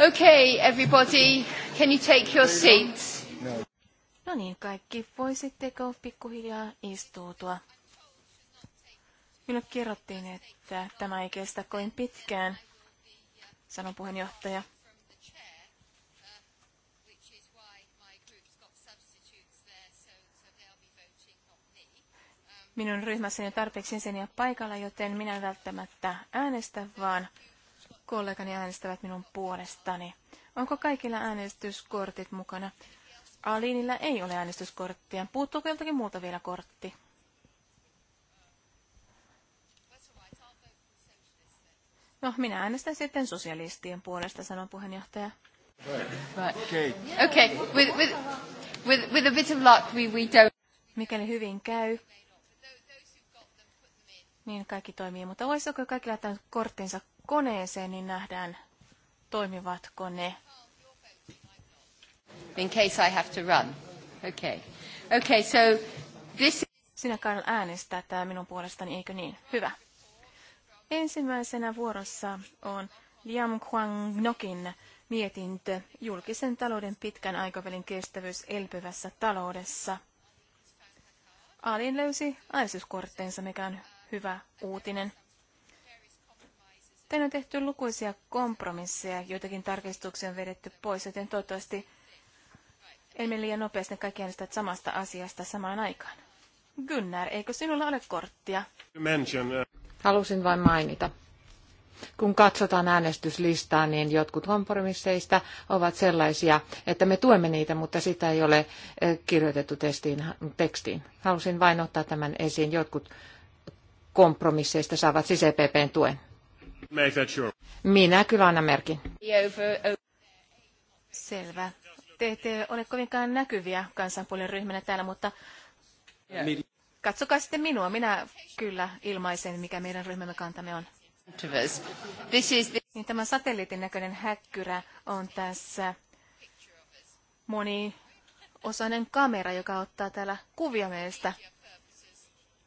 Okay, everybody, can you take your seats? No niin, kaikki voisitteko pikkuhiljaa istuutua. Minulle kerrottiin, että tämä ei kestä kovin pitkään, sanoi puheenjohtaja. Minun ryhmässäni on tarpeeksi ja paikalla, joten minä välttämättä äänestä, vaan kollegani äänestävät minun puolestani. Onko kaikilla äänestyskortit mukana? Alinilla ei ole äänestyskorttia. Puuttuuko joltakin muuta vielä kortti? No, minä äänestän sitten sosialistien puolesta, sanoo puheenjohtaja. Okay. With, a bit of luck, we, don't... Mikäli hyvin käy, niin kaikki toimii. Mutta voisiko kaikki laittaa korttinsa koneeseen, niin nähdään, toimivatko ne. In case I have to run. Okay. Okay, so this... Sinä Karl äänestää tämä minun puolestani, eikö niin? Hyvä. Ensimmäisenä vuorossa on Liam Kwang Nokin mietintö Julkisen talouden pitkän aikavälin kestävyys elpyvässä taloudessa. Alin löysi aisyskortteensa, mikä on hyvä uutinen. Tän on tehty lukuisia kompromisseja, joitakin tarkistuksia on vedetty pois, joten toivottavasti emme liian nopeasti kaikki äänestävät samasta asiasta samaan aikaan. Gunnar, eikö sinulla ole korttia? Uh, Halusin vain mainita. Kun katsotaan äänestyslistaa, niin jotkut kompromisseista ovat sellaisia, että me tuemme niitä, mutta sitä ei ole eh, kirjoitettu testiin, tekstiin. Halusin vain ottaa tämän esiin. Jotkut kompromisseista saavat siis EPPn tuen. Make that sure. Minä kyllä annan merkin. Uh, uh. Selvä. Te ette ole kovinkaan näkyviä kansanpuolen ryhmänä täällä, mutta katsokaa sitten minua. Minä kyllä ilmaisen, mikä meidän ryhmämme kantamme on. Niin tämä satelliitin näköinen häkkyrä on tässä moniosainen kamera, joka ottaa täällä kuvia meistä.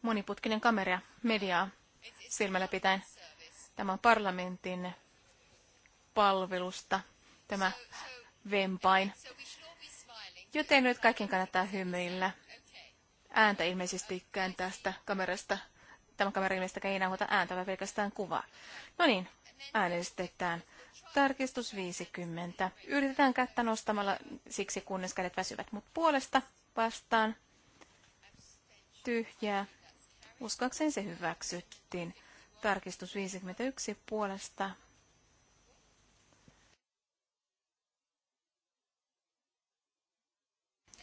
Moniputkinen kamera mediaa silmällä pitäen. Tämä on parlamentin palvelusta, tämä vempain. Joten nyt kaikkien kannattaa hymyillä. Ääntä ikään tästä kamerasta. Tämä kamera ilmeisesti ei enää huota ääntä, vaan pelkästään kuvaa. No niin, äänestetään. Tarkistus 50. Yritetään kättä nostamalla siksi, kunnes kädet väsyvät, mutta puolesta vastaan tyhjää. Uskoakseni se hyväksyttiin. Tarkistus 51 puolesta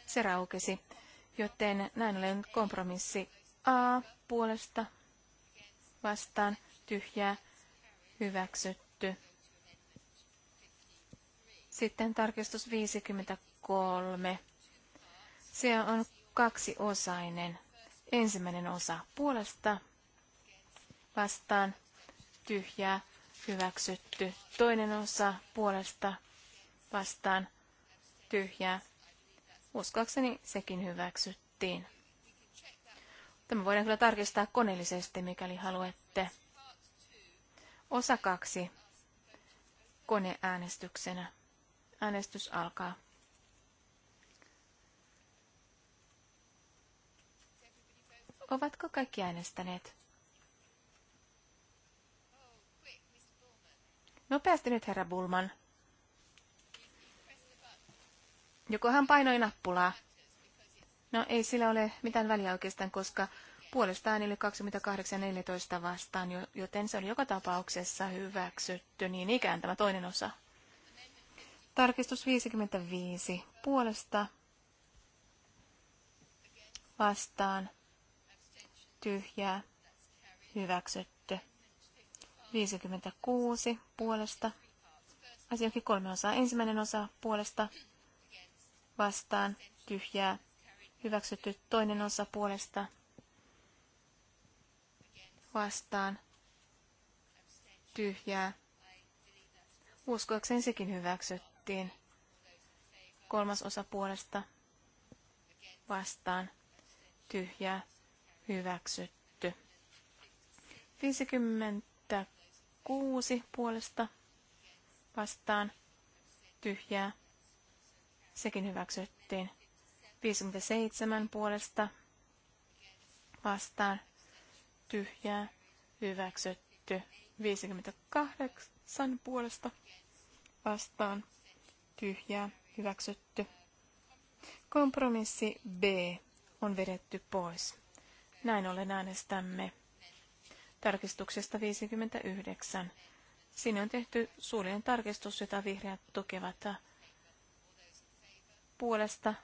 se raukesi, joten näin ollen kompromissi A puolesta vastaan tyhjää hyväksytty. Sitten tarkistus 53. Se on kaksiosainen. Ensimmäinen osa puolesta vastaan tyhjää hyväksytty. Toinen osa puolesta vastaan tyhjää. Uskoakseni sekin hyväksyttiin. Tämä voidaan kyllä tarkistaa koneellisesti, mikäli haluatte. Osa kaksi koneäänestyksenä. Äänestys alkaa. Ovatko kaikki äänestäneet? Nopeasti nyt, herra Bulman. Joko hän painoi nappulaa? No ei sillä ole mitään väliä oikeastaan, koska puolestaan äänille 28.14 vastaan, joten se oli joka tapauksessa hyväksytty, niin ikään tämä toinen osa. Tarkistus 55. Puolesta vastaan tyhjää hyväksytty. 56 puolesta. Asiakin kolme osaa. Ensimmäinen osa puolesta vastaan tyhjää. Hyväksytty toinen osa puolesta vastaan tyhjää. Uskoakseni sekin hyväksyttiin. Kolmas osa puolesta vastaan tyhjää hyväksytty. 50 6 puolesta vastaan tyhjää. Sekin hyväksyttiin. 57 puolesta vastaan tyhjää hyväksytty. 58 puolesta vastaan tyhjää hyväksytty. Kompromissi B on vedetty pois. Näin ollen äänestämme tarkistuksesta 59. Siinä on tehty suullinen tarkistus, jota vihreät tukevat puolesta.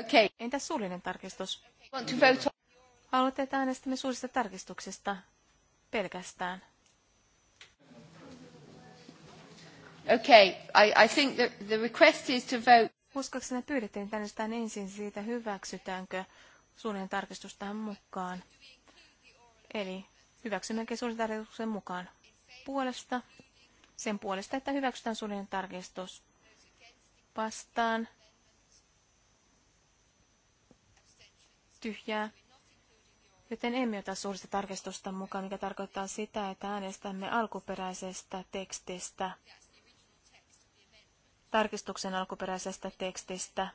Okay. Entä suullinen tarkistus? Haluatte, että äänestämme suurista tarkistuksesta pelkästään? Okay, I, I think the, the request is to vote. Uskokseni pyydettiin tänne ensin siitä, hyväksytäänkö suunnilleen tarkistus tähän mukaan. Eli hyväksymmekin suunnilleen mukaan puolesta, sen puolesta, että hyväksytään suunnilleen tarkistus vastaan. Tyhjää. Joten emme ota suurista tarkistusta mukaan, mikä tarkoittaa sitä, että äänestämme alkuperäisestä tekstistä tarkistuksen alkuperäisestä tekstistä.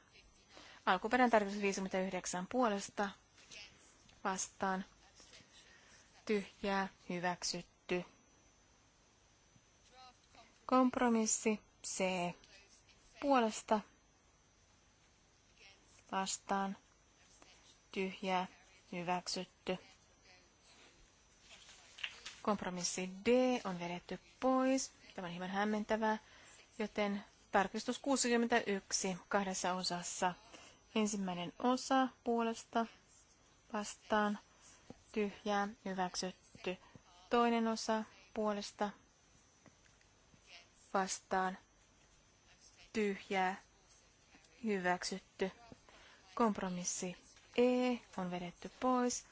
Alkuperäinen tarkistus 59 puolesta vastaan. Tyhjää hyväksytty. Kompromissi C puolesta vastaan. Tyhjää hyväksytty. Kompromissi D on vedetty pois. Tämä on hieman hämmentävää, joten Tarkistus 61 kahdessa osassa. Ensimmäinen osa puolesta vastaan tyhjää hyväksytty. Toinen osa puolesta vastaan tyhjää hyväksytty. Kompromissi E on vedetty pois,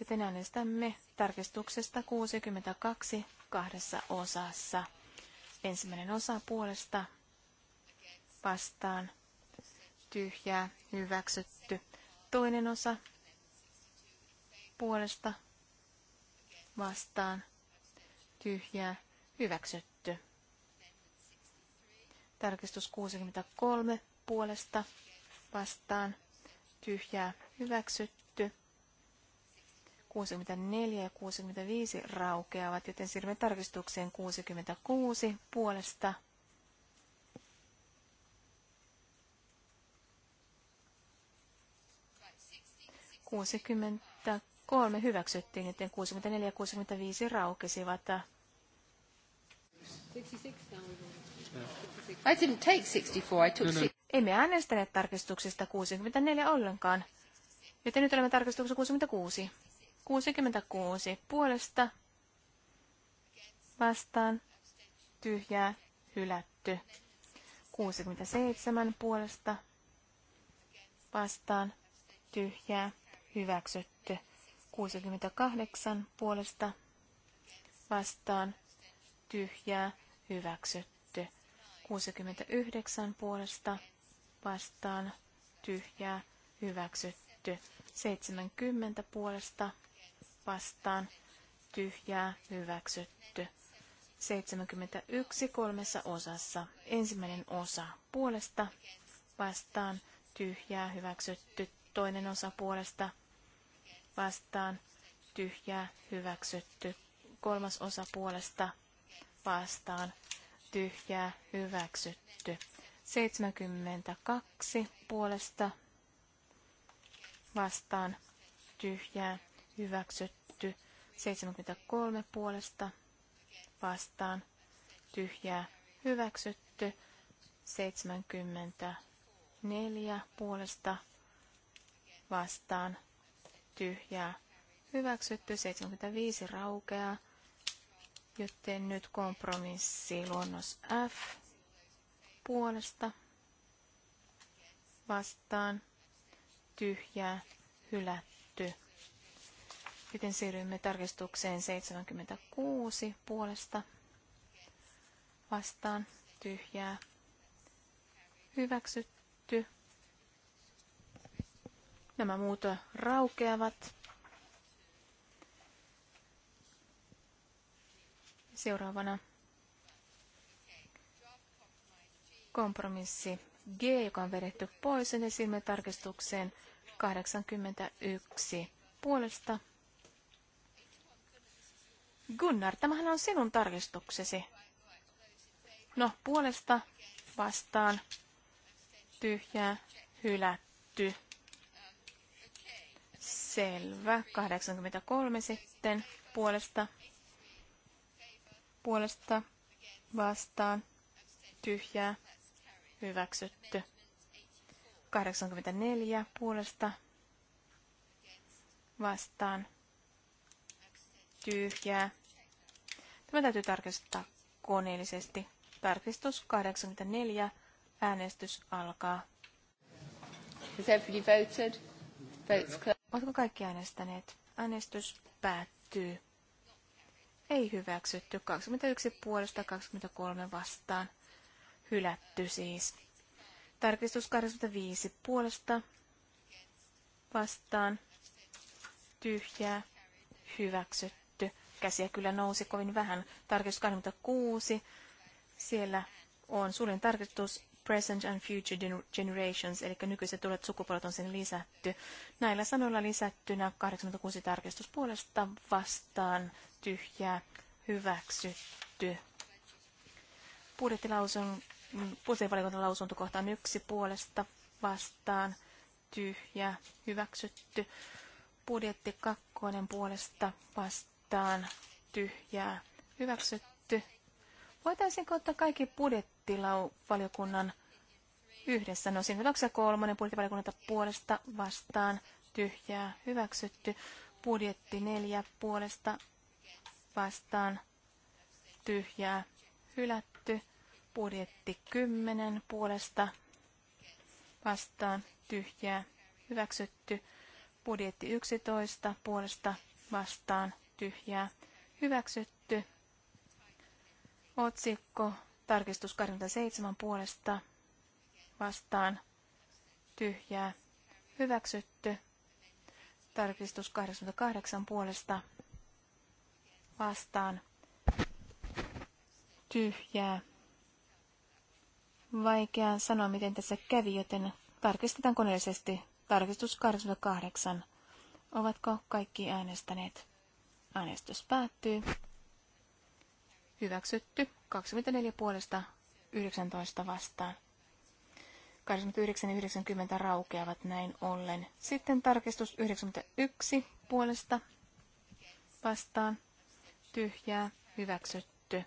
joten äänestämme tarkistuksesta 62 kahdessa osassa. Ensimmäinen osa puolesta vastaan tyhjää hyväksytty. Toinen osa puolesta vastaan tyhjää hyväksytty. Tarkistus 63 puolesta vastaan tyhjää hyväksytty. 64 ja 65 raukeavat, joten siirrymme tarkistukseen 66 puolesta 63 hyväksyttiin, joten 64 ja 65 raukesivat. I didn't take 64, I took no, no. Emme äänestäneet tarkistuksesta 64 ollenkaan, joten nyt olemme tarkistuksessa 66. 66 puolesta vastaan tyhjää hylätty. 67 puolesta vastaan tyhjää hyväksytty. 68 puolesta vastaan tyhjää hyväksytty. 69 puolesta vastaan tyhjää hyväksytty. 70 puolesta vastaan tyhjää hyväksytty. 71 kolmessa osassa. Ensimmäinen osa puolesta vastaan tyhjää hyväksytty. Toinen osa puolesta vastaan tyhjää hyväksytty. Kolmas osa puolesta vastaan tyhjää hyväksytty. 72 puolesta vastaan tyhjää hyväksytty. 73 puolesta vastaan tyhjää hyväksytty. 74 puolesta vastaan tyhjää hyväksytty, 75 raukeaa, joten nyt kompromissi luonnos F puolesta vastaan tyhjää hylätty. Sitten siirrymme tarkistukseen 76 puolesta vastaan tyhjää hyväksytty. Nämä muut raukeavat. Seuraavana kompromissi G, joka on vedetty pois, ja silmien tarkistukseen 81 puolesta. Gunnar, tämähän on sinun tarkistuksesi. No, puolesta vastaan tyhjää hylätty. Selvä. 83 sitten puolesta, puolesta vastaan tyhjää hyväksytty. 84 puolesta vastaan tyhjää. Tämä täytyy tarkistaa koneellisesti. Tarkistus 84. Äänestys alkaa. Has everybody voted? Votes closed. Oletko kaikki äänestäneet? Äänestys päättyy. Ei hyväksytty. 21 puolesta 23 vastaan. Hylätty siis. Tarkistus 25 puolesta vastaan. Tyhjää. Hyväksytty. Käsiä kyllä nousi kovin vähän. Tarkistus 26. Siellä on suljen tarkistus present and future generations, eli nykyiset tulevat sukupolvet on sinne lisätty. Näillä sanoilla lisättynä 86 tarkistuspuolesta vastaan tyhjää hyväksytty. Budjettilausun, budjettivaliokunnan lausunto kohtaan yksi puolesta vastaan tyhjää hyväksytty. Budjetti kakkonen puolesta vastaan tyhjää hyväksytty. Voitaisiinko ottaa kaikki budjetti budjettivaliokunnan yhdessä. No siinä hyväksy kolmonen budjettivaliokunnalta puolesta vastaan tyhjää hyväksytty. Budjetti neljä puolesta vastaan tyhjää hylätty. Budjetti kymmenen puolesta vastaan tyhjää hyväksytty. Budjetti yksitoista puolesta vastaan tyhjää hyväksytty. Otsikko Tarkistus 27 puolesta vastaan tyhjää hyväksytty. Tarkistus 88 puolesta vastaan tyhjää. Vaikea sanoa, miten tässä kävi, joten tarkistetaan koneellisesti. Tarkistus 88. Ovatko kaikki äänestäneet? Äänestys päättyy. Hyväksytty. 24 puolesta 19 vastaan. 89 ja 90 raukeavat näin ollen. Sitten tarkistus 91 puolesta vastaan. Tyhjää. Hyväksytty.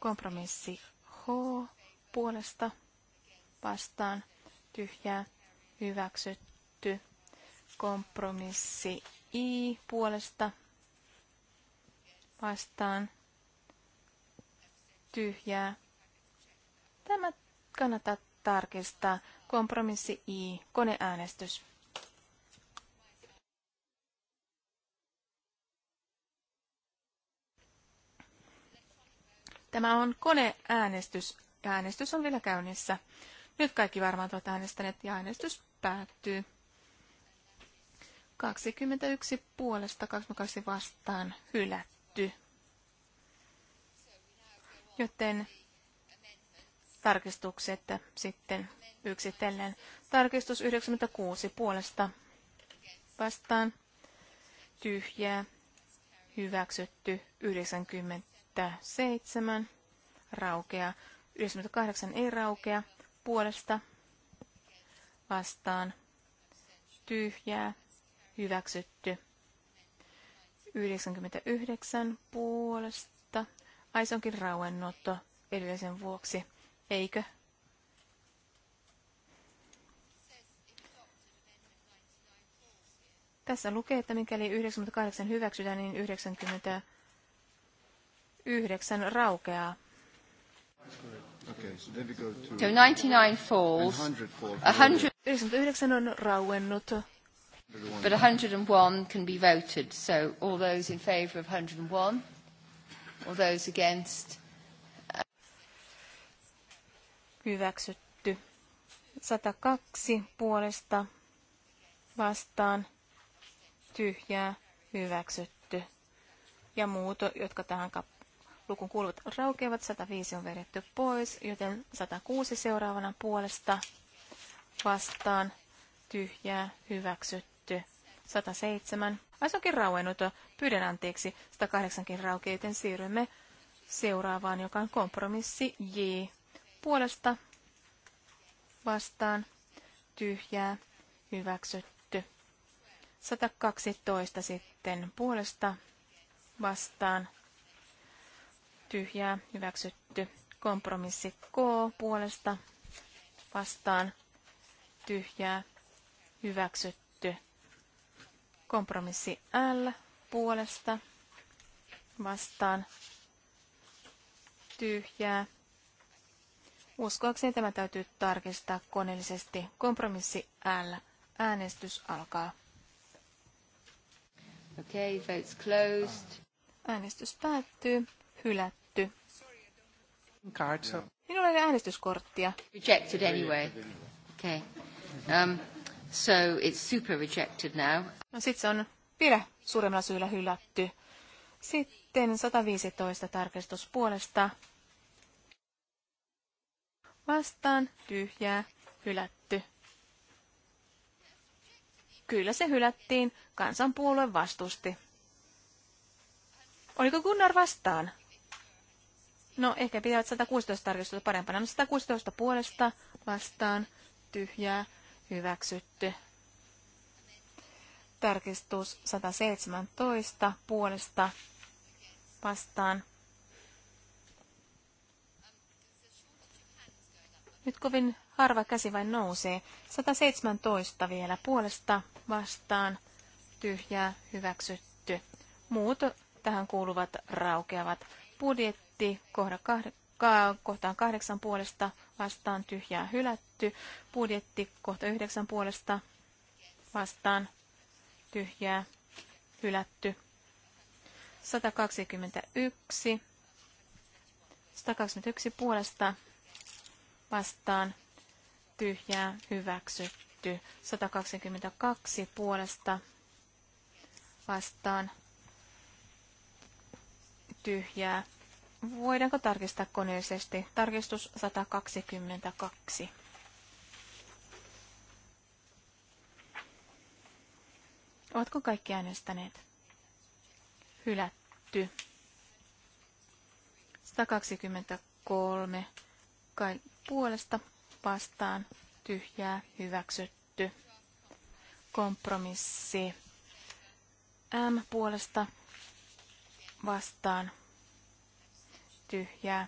Kompromissi H puolesta vastaan. Tyhjää. Hyväksytty. Kompromissi I puolesta vastaan tyhjää. Tämä kannattaa tarkistaa. Kompromissi I, koneäänestys. Tämä on koneäänestys. Äänestys on vielä käynnissä. Nyt kaikki varmaan ovat äänestäneet ja äänestys päättyy. 21 puolesta, 22 vastaan hylätty joten tarkistukset sitten yksitellen. Tarkistus 96 puolesta vastaan tyhjää hyväksytty 97 raukea 98 ei raukea puolesta vastaan tyhjää hyväksytty 99 puolesta Ai se onkin rauennut edellisen vuoksi, eikö? Tässä lukee, että mikäli 98 hyväksytään, niin 99 raukeaa. Okay, so then we go to... So 99 falls. 99 on rauennut. But 101 can be voted, so all those in favour of 101? All those against. Hyväksytty. 102 puolesta vastaan tyhjää hyväksytty. Ja muut, jotka tähän lukun kuuluvat raukeavat, 105 on vedetty pois, joten 106 seuraavana puolesta vastaan tyhjää hyväksytty. 107 Asokin onkin rauennut. Pyydän anteeksi. 108 raukeiten siirrymme seuraavaan, joka on kompromissi J. Puolesta vastaan tyhjää hyväksytty. 112 sitten puolesta vastaan tyhjää hyväksytty. Kompromissi K puolesta vastaan tyhjää hyväksytty. Kompromissi L puolesta vastaan tyhjää. Uskoakseni tämä täytyy tarkistaa koneellisesti. Kompromissi L. Äänestys alkaa. Okay, votes closed. Äänestys päättyy. Hylätty. Minulla ei ole äänestyskorttia. Rejected anyway. Okay. Um, So it's super rejected now. No sit se on vielä suuremmalla syyllä hylätty. Sitten 115 tarkistus puolesta. Vastaan tyhjää hylätty. Kyllä se hylättiin. Kansanpuolue vastusti. Oliko Gunnar vastaan? No, ehkä pitävät 116 tarkistusta parempana. No, 116 puolesta vastaan tyhjää hyväksytty. Tarkistus 117 puolesta vastaan. Nyt kovin harva käsi vain nousee. 117 vielä puolesta vastaan. Tyhjää hyväksytty. Muut tähän kuuluvat raukeavat. Budjetti kohta kohtaan kahdeksan puolesta vastaan tyhjää hylätty hylätty. Budjetti kohta yhdeksän puolesta vastaan tyhjää hylätty. 121. 121 puolesta vastaan tyhjää hyväksytty. 122 puolesta vastaan tyhjää. Voidaanko tarkistaa koneellisesti? Tarkistus 122. Ovatko kaikki äänestäneet? Hylätty. 123 kai puolesta vastaan tyhjää hyväksytty. Kompromissi. M puolesta vastaan tyhjää.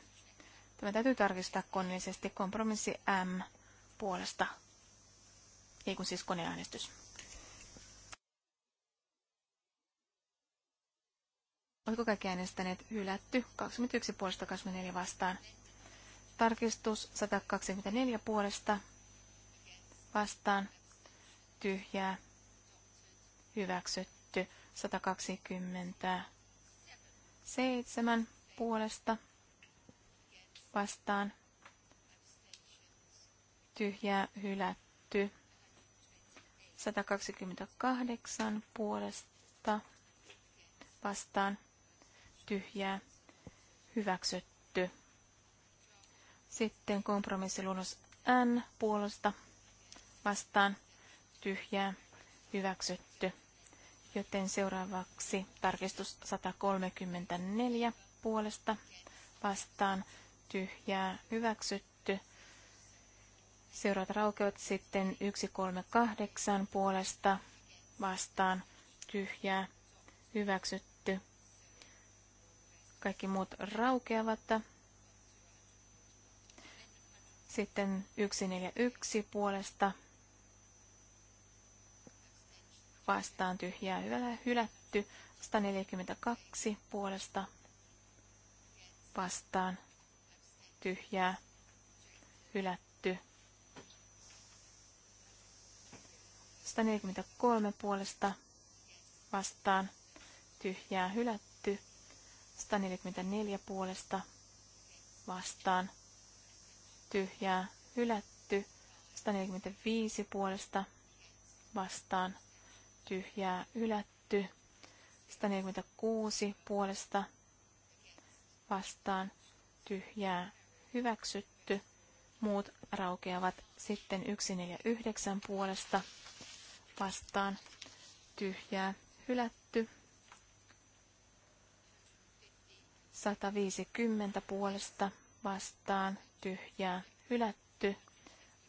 Tämä täytyy tarkistaa koneellisesti. Kompromissi M puolesta. Ei kun siis koneäänestys. Oletko kaikki äänestäneet hylätty? 21 puolesta 24 vastaan. Tarkistus 124 puolesta vastaan. Tyhjää. Hyväksytty. 127 puolesta vastaan. Tyhjää hylätty. 128 puolesta vastaan tyhjää hyväksytty. Sitten kompromissiluonnos N puolesta vastaan tyhjää hyväksytty. Joten seuraavaksi tarkistus 134 puolesta vastaan tyhjää hyväksytty. Seuraavat raukeut sitten 138 puolesta vastaan tyhjää hyväksytty kaikki muut raukeavat. Sitten 141 puolesta vastaan tyhjää hyvällä hylätty. 142 puolesta vastaan tyhjää hylätty. 143 puolesta vastaan tyhjää hylätty. 144 puolesta vastaan tyhjää hylätty. 145 puolesta vastaan tyhjää hylätty. 146 puolesta vastaan tyhjää hyväksytty. Muut raukeavat sitten 149 puolesta vastaan tyhjää hylätty. 150 puolesta vastaan tyhjää hylätty.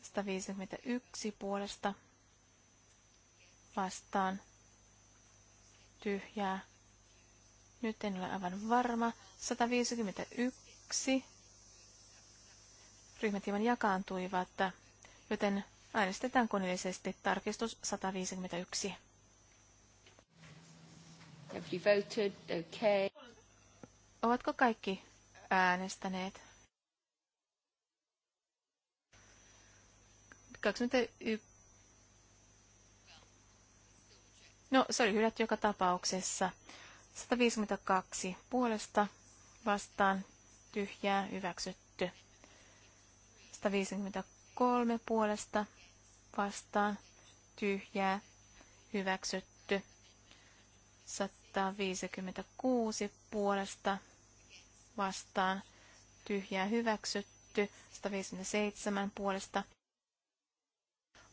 151 puolesta vastaan tyhjää. Nyt en ole aivan varma. 151. Ryhmät hieman jakaantuivat, joten äänestetään koneellisesti tarkistus 151. Have you voted? Okay. Ovatko kaikki äänestäneet? 21. No, se oli hylätty joka tapauksessa. 152 puolesta vastaan tyhjää hyväksytty. 153 puolesta vastaan tyhjää hyväksytty. 156 puolesta vastaan tyhjää hyväksytty, 157 puolesta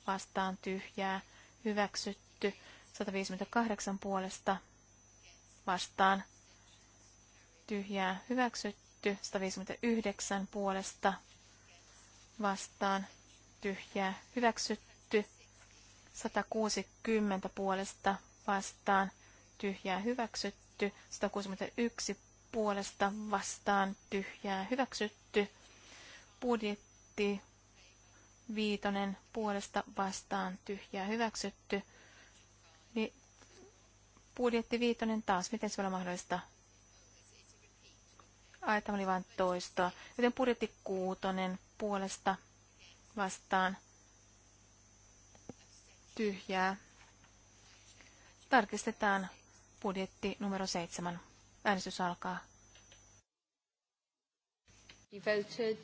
vastaan tyhjää hyväksytty, 158 puolesta vastaan tyhjää hyväksytty, 159 puolesta vastaan tyhjää hyväksytty, 160 puolesta vastaan tyhjää hyväksytty, 161 puolesta vastaan tyhjää hyväksytty. Budjetti viitonen puolesta vastaan tyhjää hyväksytty. Ni- budjetti viitonen taas, miten se voi olla mahdollista? Ai, tämä oli vain toistoa. Joten budjetti kuutonen puolesta vastaan tyhjää. Tarkistetaan budjetti numero seitsemän. Äänestys alkaa. You voted.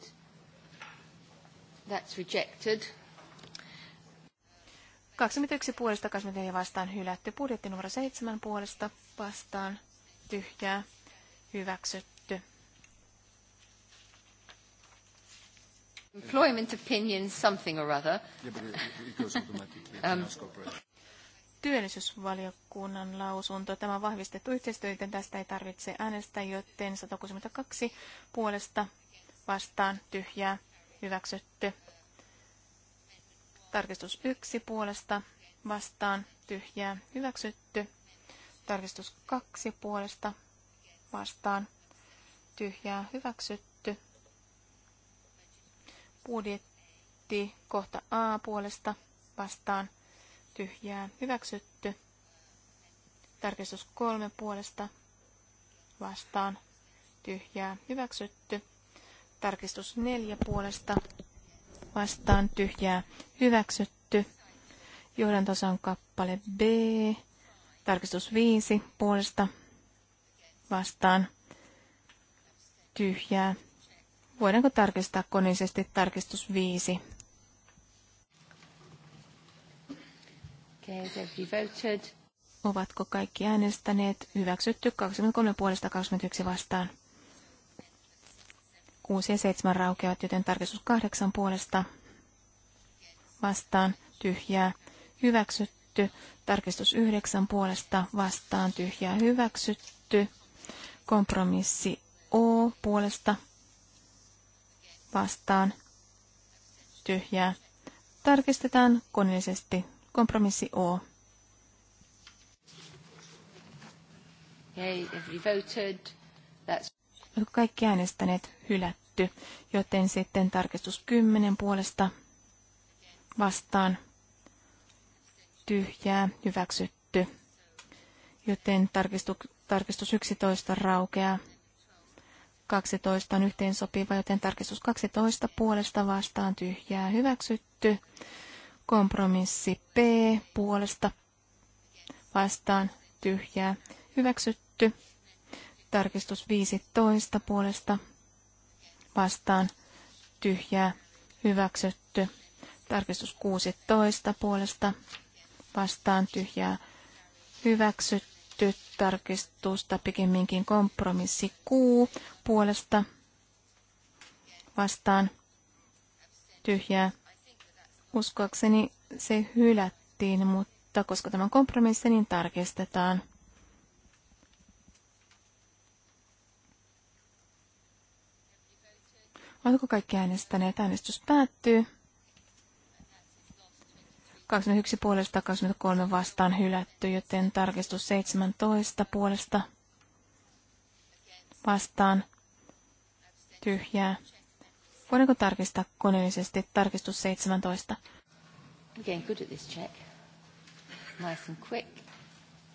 That's rejected. 21 puolesta, 24 vastaan hylätty. Budjetti numero 7 puolesta vastaan tyhjää hyväksytty. Employment opinion something or other. Yeah, but it, it goes automatically. um, työllisyysvaliokunnan lausunto. Tämä on vahvistettu yhteistyö, joten tästä ei tarvitse äänestää, joten 162 puolesta vastaan tyhjää hyväksytty. Tarkistus 1 puolesta vastaan tyhjää hyväksytty. Tarkistus 2 puolesta vastaan tyhjää hyväksytty. Budjetti kohta A puolesta vastaan tyhjää hyväksytty. Tarkistus kolme puolesta vastaan tyhjää hyväksytty. Tarkistus neljä puolesta vastaan tyhjää hyväksytty. Johdantosan kappale B. Tarkistus viisi puolesta vastaan tyhjää. Voidaanko tarkistaa koneisesti tarkistus viisi Ovatko kaikki äänestäneet? Hyväksytty 23 puolesta 21 vastaan. 6 ja 7 raukeavat, joten tarkistus 8 puolesta vastaan tyhjää hyväksytty. Tarkistus 9 puolesta vastaan tyhjää hyväksytty. Kompromissi O puolesta vastaan tyhjää. Tarkistetaan koneellisesti Kompromissi O. Yay, Kaikki äänestäneet hylätty, joten sitten tarkistus 10 puolesta vastaan tyhjää hyväksytty, joten tarkistus, tarkistus 11 raukeaa. 12 on yhteensopiva, joten tarkistus 12 puolesta vastaan tyhjää hyväksytty. Kompromissi P puolesta vastaan tyhjää hyväksytty. Tarkistus 15 puolesta vastaan tyhjää hyväksytty. Tarkistus 16 puolesta vastaan tyhjää hyväksytty. Tarkistusta pikemminkin kompromissi Q puolesta vastaan tyhjää Uskoakseni se hylättiin, mutta koska tämä on kompromissi, niin tarkistetaan. Oletko kaikki äänestäneet? Äänestys päättyy. 21 puolesta 23 vastaan hylätty, joten tarkistus 17 puolesta vastaan tyhjää Voidaanko tarkistaa koneellisesti tarkistus 17? Again, good at this check. Nice and quick.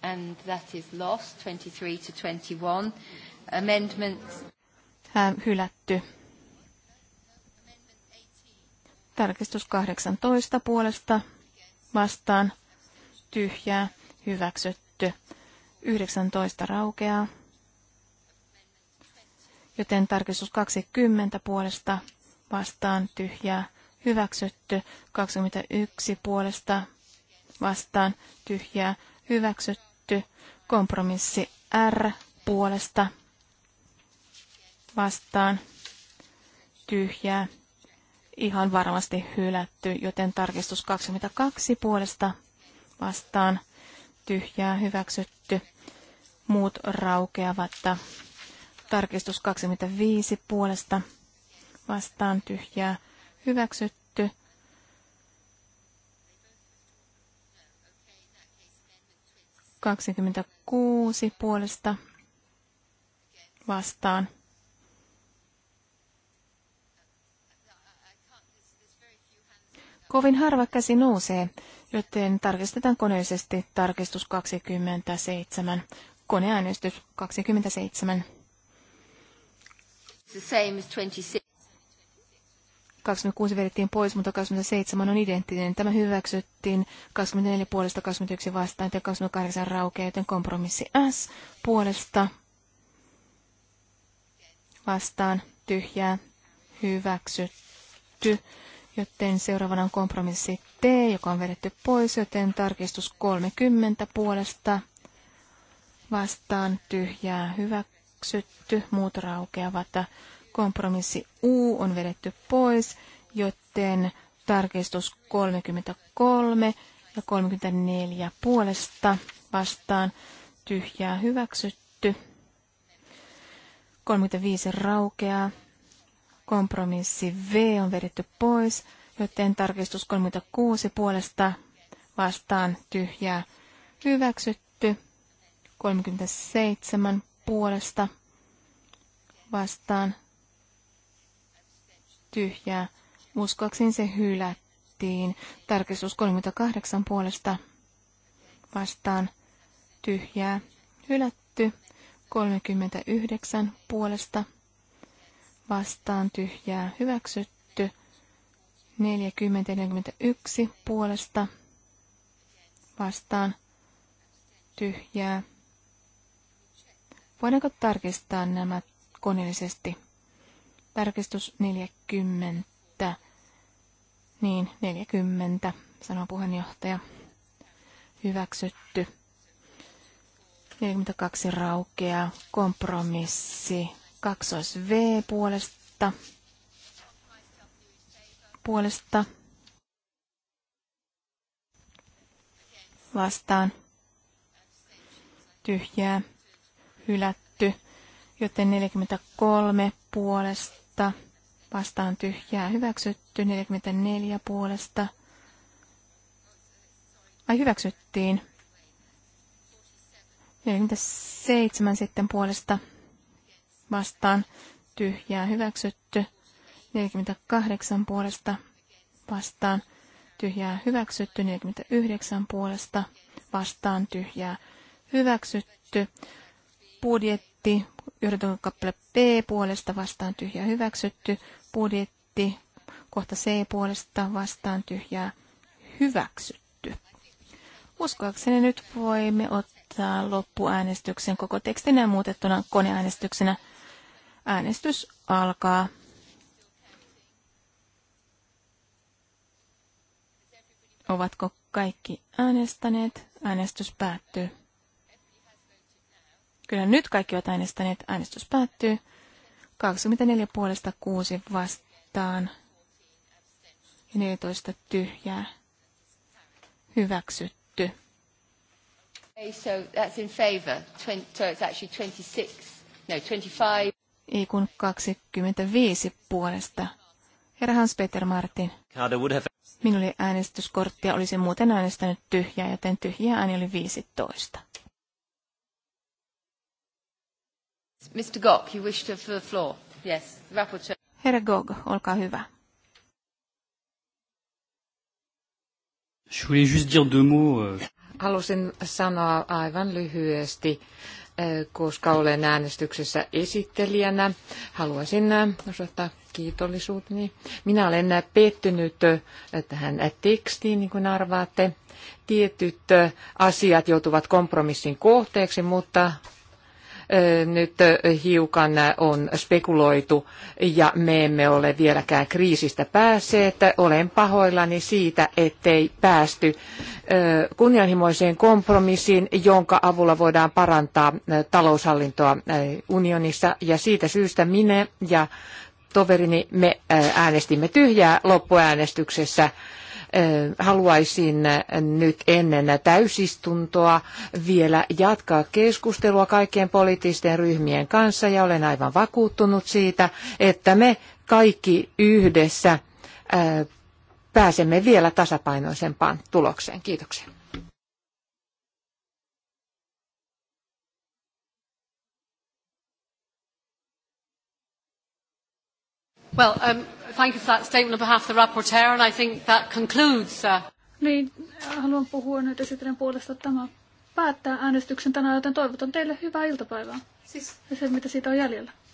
And that is lost, 23 to 21. Amendments. hylätty. Tarkistus 18 puolesta vastaan tyhjää hyväksytty. 19 raukeaa. Joten tarkistus 20 puolesta vastaan tyhjää hyväksytty. 21 puolesta vastaan tyhjää hyväksytty. Kompromissi R puolesta vastaan tyhjää ihan varmasti hylätty, joten tarkistus 22 puolesta vastaan tyhjää hyväksytty. Muut raukeavat. Tarkistus 25 puolesta vastaan tyhjää hyväksytty. Kaksikymmentäkuusi puolesta vastaan. Kovin harva käsi nousee, joten tarkistetaan koneellisesti tarkistus 27. Koneäänestys 27. the same as 26. 26 vedettiin pois, mutta 27 on identtinen. Tämä hyväksyttiin 24 puolesta 21 vastaan ja 28 raukeaa, joten kompromissi S puolesta vastaan tyhjää hyväksytty. Joten seuraavana on kompromissi T, joka on vedetty pois, joten tarkistus 30 puolesta vastaan tyhjää hyväksytty. Muut raukeavat. Kompromissi U on vedetty pois, joten tarkistus 33 ja 34 puolesta vastaan tyhjää hyväksytty. 35 raukeaa. Kompromissi V on vedetty pois, joten tarkistus 36 puolesta vastaan tyhjää hyväksytty. 37 puolesta vastaan tyhjää. Uskoakseni se hylättiin. Tarkistus 38 puolesta vastaan tyhjää. Hylätty 39 puolesta vastaan tyhjää. Hyväksytty 40-41 puolesta vastaan tyhjää. Voidaanko tarkistaa nämä koneellisesti? Tarkistus 40. Niin, 40, sanoo puheenjohtaja. Hyväksytty. 42 raukeaa. Kompromissi. Kaksois V puolesta. Puolesta. Vastaan. Tyhjää. Hylätty. Joten 43 puolesta puolesta vastaan tyhjää hyväksytty, 44 puolesta. Ai hyväksyttiin. 47 sitten puolesta vastaan tyhjää hyväksytty. 48 puolesta vastaan tyhjää hyväksytty. 49 puolesta vastaan tyhjää hyväksytty. Budjetti yhden kappale B puolesta vastaan tyhjä hyväksytty. Budjetti kohta C puolesta vastaan tyhjää hyväksytty. Uskoakseni nyt voimme ottaa loppuäänestyksen koko tekstinä muutettuna koneäänestyksenä. Äänestys alkaa. Ovatko kaikki äänestäneet? Äänestys päättyy. Kyllä nyt kaikki ovat äänestäneet. Äänestys päättyy. 24 puolesta 6 vastaan ja 14 tyhjää. Hyväksytty. Okay, so that's in favor. so it's actually 26, no 25. Ei kun 25 puolesta. Herra Hans-Peter Martin. Minulla äänestyskorttia, olisin muuten äänestänyt tyhjää, joten tyhjää ääni oli 15. Mr. Gok, you wish to the floor? Yes, rapporteur. Herra Gog, olkaa hyvä. Je voulais juste dire deux mots. Euh. Halusin sanoa aivan lyhyesti, äh, koska olen äänestyksessä esittelijänä. Haluaisin äh, osoittaa kiitollisuuteni. Minä olen pettynyt äh, tähän tekstiin, niin kuin arvaatte. Tietyt asiat joutuvat kompromissin kohteeksi, mutta nyt hiukan on spekuloitu ja me emme ole vieläkään kriisistä päässeet. Olen pahoillani siitä, ettei päästy kunnianhimoiseen kompromissiin, jonka avulla voidaan parantaa taloushallintoa unionissa ja siitä syystä minä ja toverini me äänestimme tyhjää loppuäänestyksessä haluaisin nyt ennen täysistuntoa vielä jatkaa keskustelua kaikkien poliittisten ryhmien kanssa ja olen aivan vakuuttunut siitä, että me kaikki yhdessä pääsemme vielä tasapainoisempaan tulokseen. Kiitoksia. Well, um thank you for that statement on behalf of the rapporteur, and I think that concludes. Uh... Niin, haluan puhua nyt esittelen puolesta tämä päättää äänestyksen tänään, joten toivotan teille hyvää iltapäivää. Siis. Ja se, mitä siitä on jäljellä.